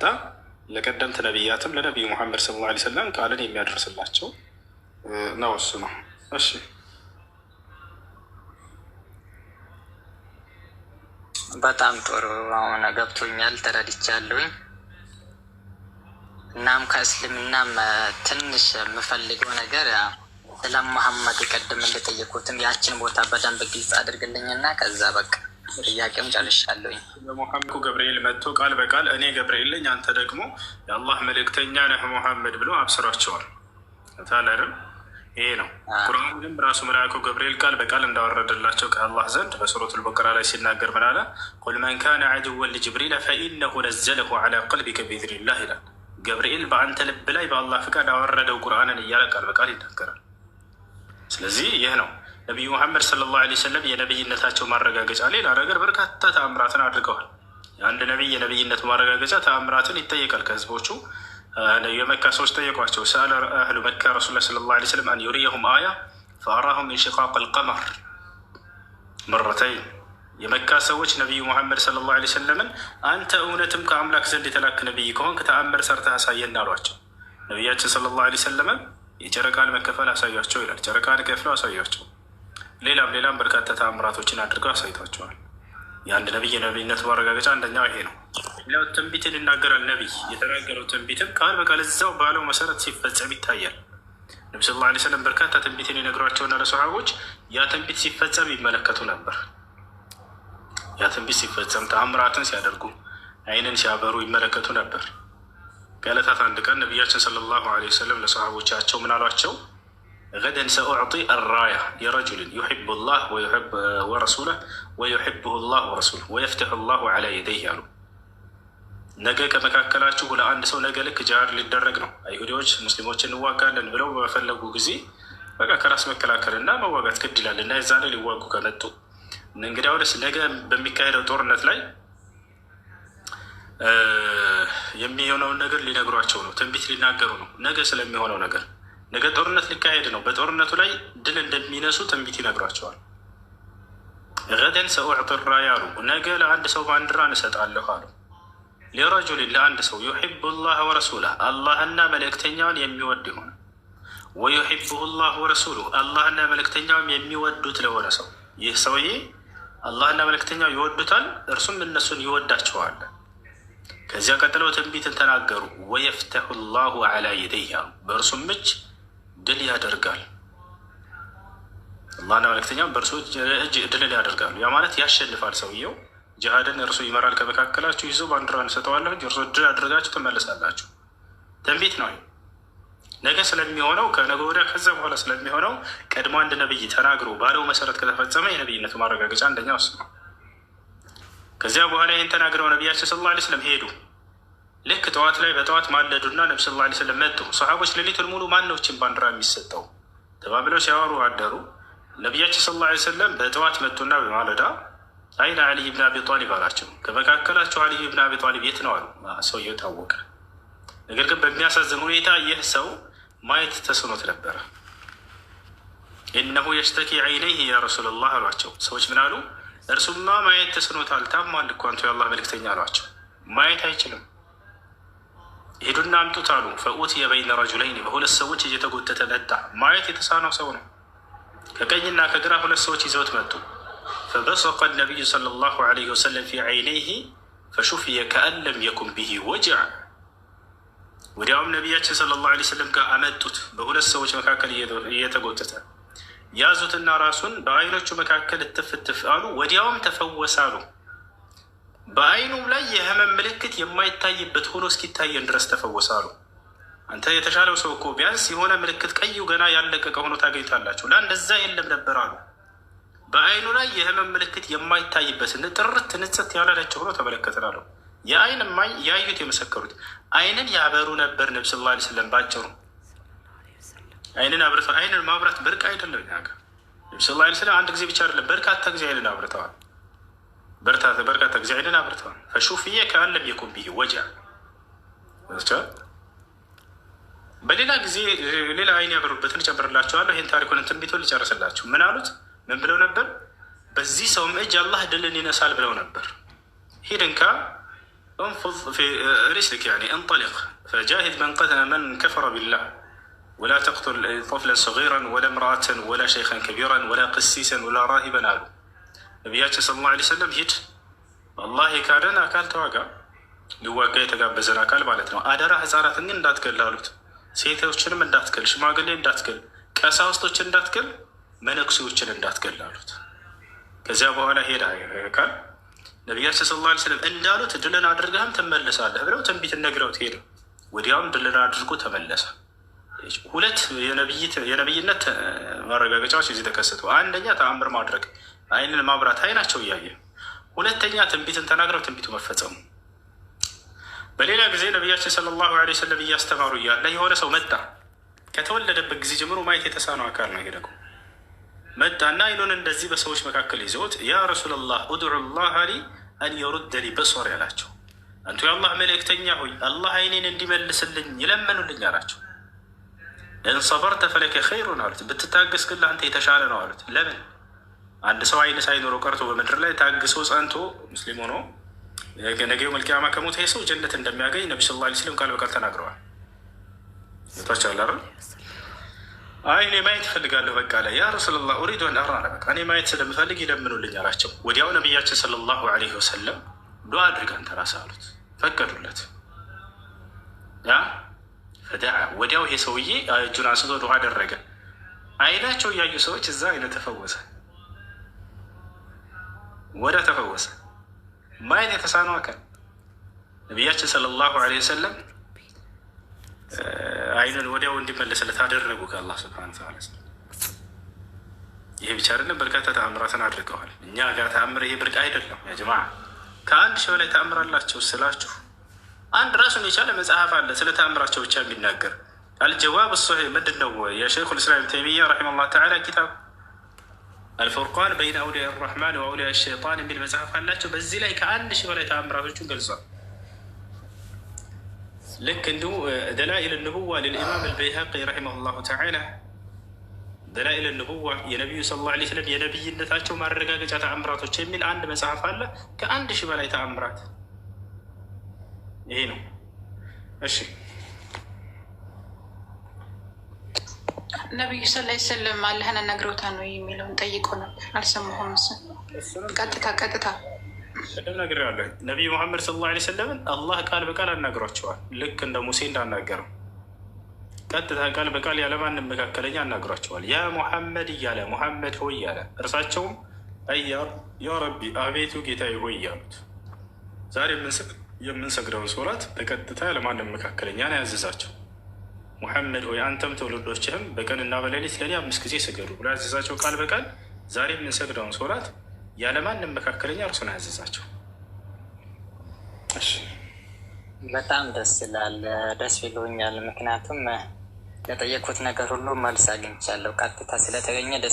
የመጣ ለቀደምት ነቢያትም ለነቢዩ ሙሐመድ ስለ ላ ሰለም ቃልን የሚያደርስላቸው ነው። እሱ ነው። እሺ በጣም ጥሩ። አሁን ገብቶኛል፣ ተረድቻለሁኝ። እናም ከእስልምናም ትንሽ የምፈልገው ነገር ስለ መሐመድ ቅድም እንደጠየቁትም ያችን ቦታ በደንብ ግልጽ አድርግልኝና ከዛ በቃ ጥያቄም ጨርሻለሁ። ለሙሐመድ ገብርኤል መጥቶ ቃል በቃል እኔ ገብርኤል ነኝ አንተ ደግሞ የአላህ መልእክተኛ ነህ ሙሐመድ ብሎ አብስሯቸዋል። ታለርም ይሄ ነው። ቁርአንም ራሱ መልአኩ ገብርኤል ቃል በቃል እንዳወረደላቸው ከአላህ ዘንድ በሱረቱል ልበቀራ ላይ ሲናገር ምን አለ? ቁል መን ካነ ዐድወን ልጅብሪል ፈኢነሁ ነዘለሁ ዐላ ቀልቢከ ቢኢዝኒላህ ይላል። ገብርኤል በአንተ ልብ ላይ በአላህ ፍቃድ አወረደው ቁርአንን እያለ ቃል በቃል ይናገራል። ስለዚህ ይህ ነው ነቢዩ መሐመድ ሰለላሁ ዓለይሂ ወሰለም የነብይነታቸው ማረጋገጫ ሌላ ነገር በርካታ ተአምራትን አድርገዋል። አንድ ነቢይ የነብይነት ማረጋገጫ ተአምራትን ይጠየቃል ከህዝቦቹ። የመካ ሰዎች ጠየቋቸው። ሰአለ አህሉ መካ ረሱላ ሰለላሁ ዓለይሂ ወሰለም አን ዩሪየሁም አያ ፈአራሁም ኢንሽቃቅ አልቀመር መረተይን። የመካ ሰዎች ነቢዩ መሐመድ ሰለላሁ ዓለይሂ ወሰለምን አንተ እውነትም ከአምላክ ዘንድ የተላክ ነቢይ ከሆንክ ተአምር ሰርተህ አሳየን አሏቸው። ነቢያችን ሰለላሁ ዓለይሂ ወሰለም የጨረቃን መከፈል አሳያቸው ይላል። ጨረቃን ከፍለው አሳያቸው ሌላም ሌላም በርካታ ተአምራቶችን አድርገው አሳይቷቸዋል። የአንድ ነቢይ የነቢይነት ማረጋገጫ አንደኛው ይሄ ነው። ሌላው ትንቢትን ይናገራል። ነቢይ የተናገረው ትንቢትም ቃል በቃል እዛው ባለው መሰረት ሲፈጸም ይታያል። ነቢ ስ ላ ሰለም በርካታ ትንቢትን የነግሯቸውና ለሰሃቦች ያ ትንቢት ሲፈጸም ይመለከቱ ነበር። ያ ትንቢት ሲፈጸም ተአምራትን ሲያደርጉ አይንን ሲያበሩ ይመለከቱ ነበር። ከዕለታት አንድ ቀን ነቢያችን ሰለላሁ ዐለይሂ ወሰለም ለሰሃቦቻቸው ምን አሏቸው? ገደን ሰኡዕጢ አራያ የረጅልን ዩሕቡ ላህ ወረሱለ ወዩሕብሁ ላህ ወረሱለ ወየፍትሑ ላሁ ዐላ የደይህ አሉ። ነገ ከመካከላችሁ ለአንድ ሰው ነገ ልክ ጃር ሊደረግ ነው። አይሁዲዎች ሙስሊሞች እንዋጋለን ብለው በፈለጉ ጊዜ በቃ ከራስ መከላከልና መዋጋት ግድ ይላል እና የዛኔ ሊዋጉ ከመጡ እንግዲህ አሁንስ ነገ በሚካሄደው ጦርነት ላይ የሚሆነውን ነገር ሊነግሯቸው ነው። ትንቢት ሊናገሩ ነው ነገ ስለሚሆነው ነገር ነገ ጦርነት ሊካሄድ ነው። በጦርነቱ ላይ ድል እንደሚነሱ ትንቢት ይነግሯቸዋል። ገደን ሰኡዕጢ ያሉ አሉ። ነገ ለአንድ ሰው ባንዲራን እሰጣለሁ አሉ። ሊረጁሊን ለአንድ ሰው ዩሒቡ ላህ ወረሱላህ አላህና መልእክተኛውን የሚወድ ይሆን ወዩሒቡሁ ላህ ወረሱሉ አላህና መልእክተኛውም የሚወዱት ለሆነ ሰው ይህ ሰውዬ አላህና መልእክተኛው ይወዱታል፣ እርሱም እነሱን ይወዳቸዋል። ከዚያ ቀጥለው ትንቢትን ተናገሩ። ወየፍተሑ ላሁ ዐላ የደይህ በእርሱም እጅ ድል ያደርጋል። አላህና መልእክተኛም በእርሱ እጅ ድልን ያደርጋሉ። ያ ማለት ያሸንፋል። ሰውየው ጅሃድን እርሱ ይመራል። ከመካከላችሁ ይዞ ባንዲራውን እሰጠዋለሁ እንጂ እርሶ ድል አድርጋችሁ ትመለሳላችሁ። ትንቢት ነው። ነገ ስለሚሆነው ከነገ ወዲያ ከዛ በኋላ ስለሚሆነው ቀድሞ አንድ ነብይ ተናግሮ ባለው መሰረት ከተፈጸመ የነብይነቱ ማረጋገጫ አንደኛው እሱ ነው። ከዚያ በኋላ ይህን ተናግረው ነቢያችን ስለ ላ ስለም ሄዱ ልክ ጠዋት ላይ በጠዋት ማለዱና ነቢ ስለ ላ ስለም መጡ። ሰሓቦች ሌሊቱን ሙሉ ማነዎችን ባንዲራ የሚሰጠው ተባብለው ሲያወሩ አደሩ። ነቢያችን ስ ላ ስለም በጠዋት መጡና በማለዳ አይነ አሊ ብን አቢ ጣሊብ አላቸው። ከመካከላቸው አሊ ብን አቢ ጣሊብ የት ነው አሉ። ሰውየው ታወቀ። ነገር ግን በሚያሳዝን ሁኔታ ይህ ሰው ማየት ተስኖት ነበረ። እነሁ የሽተኪ ዐይነይህ ያ ላህ አሏቸው። ሰዎች ምን አሉ? እርሱማ ማየት ተስኖታል፣ ታሟል እኮ አንቱ የአላህ አሏቸው። ማየት አይችልም ሄዱና አምጡት አሉ። ፈኡት የበይነ ረጁለይን በሁለት ሰዎች እየተጎተተ መጣ። ማየት የተሳነው ሰው ነው። ከቀኝና ከግራ ሁለት ሰዎች ይዘውት መጡ። ፈበሰቀ ነቢዩ ሰለላሁ ዐለይሂ ወሰለም ፊ ዓይነይህ ፈሹፍየ ከአን የኩን ብሂ ወጅዕ። ወዲያውም ነቢያችን ሰለላሁ ዐለይሂ ወሰለም ጋር አመጡት። በሁለት ሰዎች መካከል እየተጎተተ ያዙትና ራሱን በአይኖቹ መካከል እትፍ አሉ። ወዲያውም ተፈወሰ በአይኑ ላይ የህመም ምልክት የማይታይበት ሆኖ እስኪታየን ድረስ ተፈወሰ አሉ። አንተ የተሻለው ሰው እኮ ቢያንስ የሆነ ምልክት ቀዩ ገና ያለቀቀ ሆኖ ታገኝታላችሁ። ላ እንደዛ የለም ነበር አሉ። በአይኑ ላይ የህመም ምልክት የማይታይበት ንጥርት ንጽት ያላላቸው ሆኖ ተመለከትን አለው። የአይን ማኝ ያዩት የመሰከሩት አይንን ያበሩ ነበር። ነብስ ላ ስለም ባጭሩ አይንን አይንን ማብራት ብርቅ አይደለም። ነብስ ላ ስለም አንድ ጊዜ ብቻ አይደለም፣ በርካታ ጊዜ አይንን አብርተዋል። برتاث برقة تجزي لنا فشوف هي كان لم يكن به وجع ماذا؟ بلينا جزي ليلا عيني بربتن جبر الله شو الله ينتاري كون انتم بيتول جرس الله شو من علوت من بلون نبر بزي سوم اجى الله دلني نسال بلون نبر هيدنكا انفض في آه، رسلك يعني انطلق فجاهد من قتل من كفر بالله ولا تقتل طفلا صغيرا ولا امرأة ولا شيخا كبيرا ولا قسيسا ولا راهبا آلو ነቢያችን ሰለላሁ ዓለይሂ ወሰለም ሂድ አላህ የካደን አካል ተዋጋ፣ ሊዋጋ የተጋበዘን አካል ማለት ነው። አደራ ህፃናትን ግን እንዳትገል አሉት። ሴቶችንም እንዳትገል፣ ሽማግሌ እንዳትገል፣ ቀሳውስቶችን እንዳትገል፣ መነኩሴዎችን እንዳትገል አሉት። ከዚያ በኋላ ሄዳ ካል ነቢያችን ሰለላሁ ዓለይሂ ወሰለም እንዳሉት ድልን አድርገህም ትመለሳለህ ብለው ትንቢት ነግረውት ሄደ። ወዲያውም ድልን አድርጎ ተመለሰ። ሁለት የነብይነት ማረጋገጫዎች እዚህ ተከሰቱ። አንደኛ ተአምር ማድረግ አይንን ማብራት አይናቸው እያየ ሁለተኛ ትንቢትን ተናግረው ትንቢቱ መፈጸሙ። በሌላ ጊዜ ነቢያችን ሰለላሁ ዐለይሂ ወሰለም እያስተማሩ እያለ የሆነ ሰው መጣ። ከተወለደበት ጊዜ ጀምሮ ማየት የተሳነው አካል ነው። ሄደቁ መጣና አይኑን እንደዚህ በሰዎች መካከል ይዘውት ያ ረሱላላህ ኡድዑ ላህ ሊ አን የሩደሊ በሶር ያላቸው አንቱ የአላህ መልእክተኛ ሆይ አላህ አይኔን እንዲመልስልኝ ይለመኑልኝ አላቸው። እንሰበርተ ፈለከ ኸይሩን አሉት። ብትታገስ ግን ለአንተ የተሻለ ነው አሉት። ለምን አንድ ሰው አይን ሳይኖረው ቀርቶ በምድር ላይ ታግሶ ጸንቶ ሙስሊም ሆኖ ነገው መልቅያማ ከሞተ ይሄ ሰው ጀነት እንደሚያገኝ ነቢ ስ ላ ስለም ቃል በቃል ተናግረዋል። ታቸዋል አይደል? አይ እኔ ማየት እፈልጋለሁ በቃ ላይ ያ ረሱላላህ ኡሪድ ወን አራ በቃ እኔ ማየት ስለምፈልግ ይለምኑልኝ አላቸው። ወዲያው ነቢያችን ሰለላሁ ዐለይሂ ወሰለም ዱዓ አድርገን አንተ አሉት። ፈቀዱለት። ያ ፈዳ ወዲያው ይሄ ሰውዬ እጁን አንስቶ ዱዓ አደረገ። አይናቸው እያዩ ሰዎች እዛ አይነት ተፈወሰ። ወደ ተፈወሰ ማየት የተሳነው አካል ነቢያችን ሰለላሁ ዐለይሂ ወሰለም አይኑን ወዲያው እንዲመለስለት አደረጉ ከአላህ ስብሐነ ተዓላ። ይሄ ብቻ አይደለም፣ በርካታ ተአምራትን አድርገዋል። እኛ ጋር ተአምር ይሄ ብርቅ አይደለም። ያጅማ ከአንድ ሺህ በላይ ተአምር አላቸው ስላችሁ አንድ ራሱን የቻለ መጽሐፍ አለ ስለ ተአምራቸው ብቻ የሚናገር አልጀዋብ ሶሄ ምንድን ነው የሸይኹል ኢስላም ተይሚያ ረሒመሁላህ ተዓላ ኪታብ አልፉርቃን በይነ አውሊያ ራህማን ወአውሊያ ሸይጣን የሚል መጽሐፍ አላቸው። በዚህ ላይ ከአንድ ሺህ በላይ ተአምራቶቹን ገልጿል። ልክ እንዲሁ ደላኢል ንቡዋ ልልኢማም አልበይሃቂ ረሒመሁ ተዓላ ደላኢል ንቡዋ የነቢዩ ስ ላ ስለም የነቢይነታቸው ማረጋገጫ ተአምራቶች የሚል አንድ መጽሐፍ አለ። ከአንድ ሺህ በላይ ተአምራት ይሄ ነው። እሺ ነቢዩ ስላ ስልም አለህን ነግሮታ ነው የሚለውን ጠይቆ ነበር። አልሰማሁም። ስ ቀጥታ ቀጥታ ቅድም ነግር ያለ ነቢዩ መሐመድ ስለ ላ ስለምን አላህ ቃል በቃል አናግሯቸዋል። ልክ እንደ ሙሴ እንዳናገረው ቀጥታ ቃል በቃል ያለ መካከለኛ አናግሯቸዋል። ያ ሙሐመድ እያለ ሙሐመድ ሆይ እያለ እርሳቸውም አያር ያ ረቢ አቤቱ ጌታዬ ሆይ እያሉት ዛሬ የምንሰግደውን ሶላት በቀጥታ ያለማንም መካከለኛ ነው ያዘዛቸው። ሙሐመድ ሆይ አንተም ትውልዶችህም በቀንና በሌሊት ለእኔ አምስት ጊዜ ስገዱ ብሎ ያዘዛቸው ቃል በቃል ዛሬ የምንሰግደውን ሶላት ያለማንም መካከለኛ እርሱን ያዘዛቸው። በጣም ደስ ይላል። ደስ ብሎኛል። ምክንያቱም ለጠየኩት ነገር ሁሉ መልስ አግኝቻለሁ። ቀጥታ ስለተገኘ